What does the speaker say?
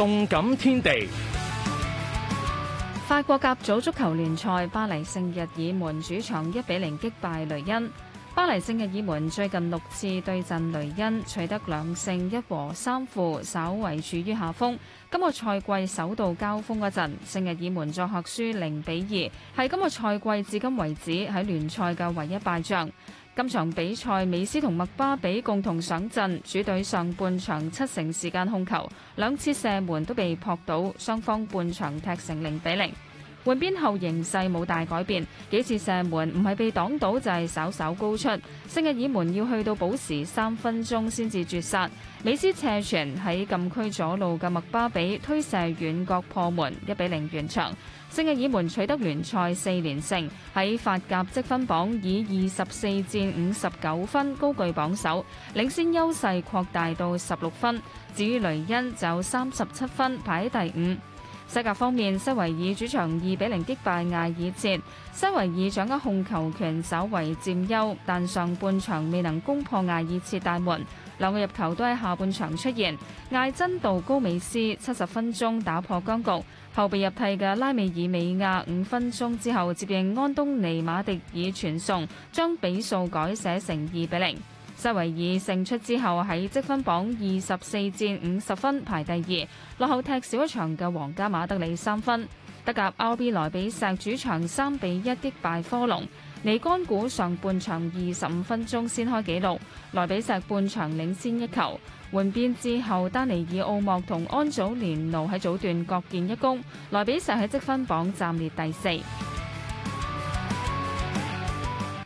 動感天地，法國甲組足球聯賽，巴黎聖日耳門主場一比零擊敗雷恩。巴黎聖日耳門最近六次對陣雷恩取得兩勝一和三負，稍為處於下風。今個賽季首度交鋒嗰陣，聖日耳門作客輸零比二，係今個賽季至今為止喺聯賽嘅唯一敗仗。今場比賽，美斯同麥巴比共同上陣，主隊上半場七成時間控球，兩次射門都被撲倒，雙方半場踢成零比零。換邊後形勢冇大改變，幾次射門唔係被擋到就係、是、稍稍高出。聖日耳門要去到補時三分鐘先至絕殺。美斯斜傳喺禁區左路嘅麥巴比推射遠角破門，一比零完場。聖日耳門取得聯賽四連勝，喺法甲積分榜以二十四戰五十九分高據榜首，領先優勢擴大到十六分。至於雷恩就三十七分排喺第五。西甲方面，塞維爾主場二比零擊敗艾爾切。塞維爾掌握控球權，稍為佔優，但上半場未能攻破艾爾切大門。兩個入球都喺下半場出現。艾真道高美斯七十分鐘打破僵局，後備入替嘅拉美爾美亞五分鐘之後接應安東尼馬迪爾傳送，將比數改寫成二比零。塞維爾勝出之後喺積分榜二十四戰五十分排第二，落後踢少一場嘅皇家馬德里三分。德甲 RB 萊比錫主場三比一擊敗科隆，尼干古上半場二十五分鐘先開紀錄，萊比錫半場領先一球。換邊之後，丹尼爾奧莫同安祖連奴喺早段各建一功，萊比錫喺積分榜暫列第四。